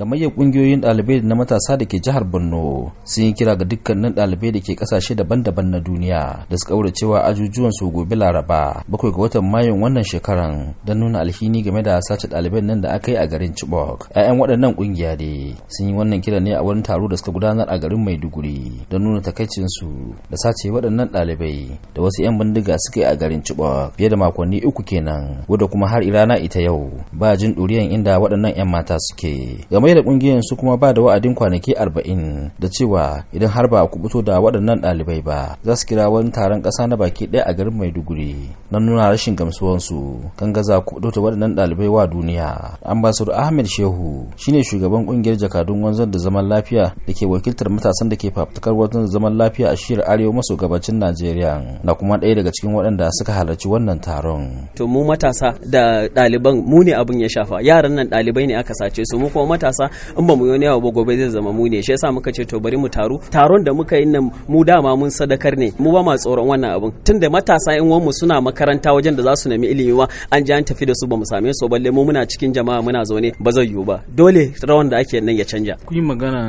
gamayyar kungiyoyin ɗalibai da na matasa da ke jihar borno sun yi kira ga dukkanin ɗalibai da ke kasashe daban-daban na duniya da su kaura cewa ajujuwan su gobe laraba bakwai ga watan mayun wannan shekaran don nuna alhini game da sace ɗalibai nan da aka yi a garin chibok 'ya'yan waɗannan kungiya ne sun yi wannan kira ne a wani taro da suka gudanar a garin maiduguri don nuna takaicin su da sace waɗannan ɗalibai da wasu 'yan bindiga suka yi a garin chibok fiye da makonni uku kenan wadda kuma har irana ita yau ba jin ɗuriyan inda waɗannan 'yan mata suke game maida da kungiyar su kuma ba da wa'adin kwanaki 40 da cewa idan har ba a kubuto da waɗannan ɗalibai ba za su kira wani taron ƙasa na baki ɗaya a garin Maiduguri na nuna rashin gamsuwansu kan gaza kubuto da waɗannan ɗalibai wa duniya. Ambassador Ahmed Shehu shine shugaban kungiyar jakadun wanzar da zaman lafiya da ke wakiltar matasan da ke fafutukar wanzar zaman lafiya a shirin arewa maso gabacin Najeriya na kuma ɗaya daga cikin waɗanda suka halarci wannan taron. To mu matasa da ɗaliban mu ne abin ya shafa yaran nan ɗalibai ne aka sace su mu kuma matasa kasa in ba mu yi wani yawa ba gobe zai zama mu ne shi yasa muka ce to bari mu taru taron da muka yi nan mu dama mun sadakar ne mu ba ma tsoron wannan abun tunda matasa in wanmu suna makaranta wajen da za su nemi ilimi ba an ji an tafi da su ba mu same su balle mu muna cikin jama'a muna zaune ba zai yiwu ba dole rawan da ake nan ya canja kun yi magana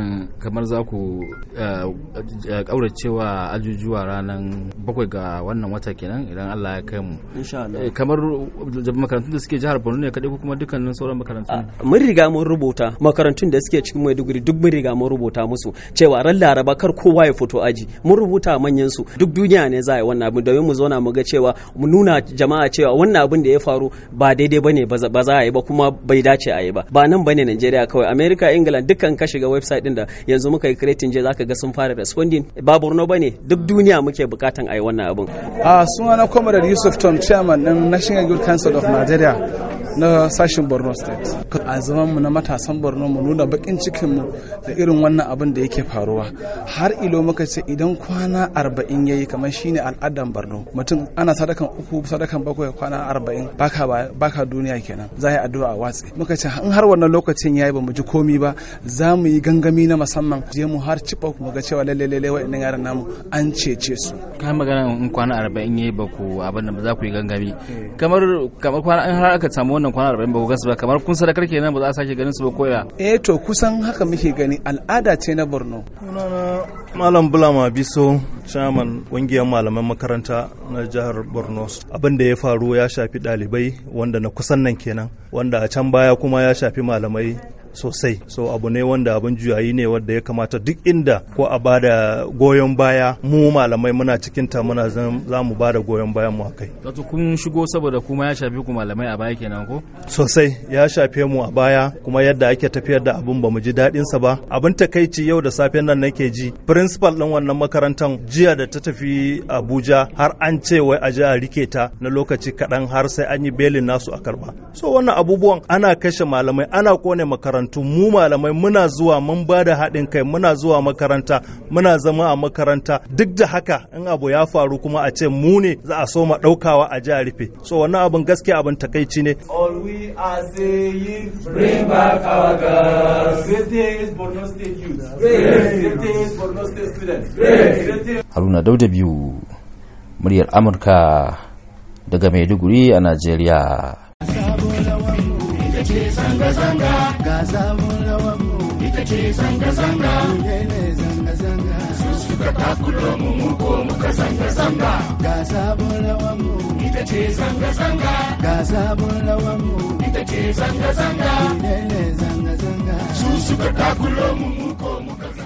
kamar za ku kauracewa eh, eh, ajujuwa ranar bakwai ga wannan wata kenan idan Allah ya kai mu eh, kamar makarantun da suke jihar Borno ne kadai ko kuma dukkanin sauran makarantun. mun riga mun rubuta makarantun da suke cikin maiduguri duk mun riga mun rubuta musu cewa ran laraba kar kowa ya fito aji mun rubuta manyan su duk duniya ne za a yi wannan abin domin mu zauna mu ga cewa mu nuna jama'a cewa wannan abin da ya faru ba daidai bane ba za a yi ba kuma bai dace a yi ba ba nan bane Najeriya kawai America England dukkan ka shiga website din da yanzu muka yi creating je zaka ga sun fara responding ba Borno bane duk duniya muke bukatan a yi wannan abin a ah, sunana Comrade Yusuf Tom chairman din National Youth Council of Nigeria na sashen borno state a zaman mu na matasan borno mu nuna bakin cikinmu da irin wannan abin da yake faruwa har ilo muka ce idan kwana arba'in yayi kamar shine al'adan borno mutum ana sadakan uku sadakan bakwai kwana arba'in baka duniya kenan za a yi addu'a a watsi muka ce in har wannan lokacin yayi bamu ji komi ba za mu yi gangami na musamman je mu har ciba mu ga cewa lalle lalle wa'annan yaran namu an cece su ka magana in kwana arba'in yayi ba ku abin da ba za ku yi gangami eh. kamar kamar kwana an har aka samu wannan kwana arba'in ba ku gansu ba kamar kun sadakar kenan ba za a sake ganin su ba koya eh to kusan haka muke gani al'ada ce na Borno sunana Malam Bulama Biso chairman kungiyar malaman makaranta na jihar Borno abin da ya faru ya shafi ɗalibai wanda na kusan nan kenan wanda a can baya kuma ya shafi malamai sosai so abu ne wanda abin juyayi ne wanda ya kamata duk inda ko a bada goyon baya mu malamai muna cikin ta muna za mu bada goyon bayan mu akai wato kun shigo saboda kuma ya shafi ku malamai a baya kenan ko sosai ya shafe mu a baya kuma yadda ake tafiyar da abun ba mu ji daɗin sa ba abin takaici yau da safiyar nan nake ji principal din wannan makarantar jiya da ta tafi Abuja har an ce wai a ji a rike ta na lokaci kaɗan har sai an yi belin nasu a karba so wannan abubuwan ana kashe malamai ana kone makaranta makarantu mu malamai muna zuwa mun ba da haɗin kai muna zuwa makaranta muna zama a makaranta duk da haka in abu ya faru kuma a ce mu ne za a so ma ɗaukawa a ji a rufe so wannan abin gaskiya abin takaici ne haruna dauda biyu muryar amurka daga maiduguri a najeriya ce zanga-zanga Gaza mola rawan mu ita zanga-zanga ne zanga-zanga su suka takulo mu muko muka zanga-zanga ga sabon rawan mu ita ce zanga-zanga ga sabon rawan mu ita ce zanga-zanga ne zanga-zanga su suka takulo muko muka zanga zanga Gaza mola rawan mu ita zanga zanga Gaza mola rawan mu ita zanga zanga ne zanga zanga su suka takulo muko muka zanga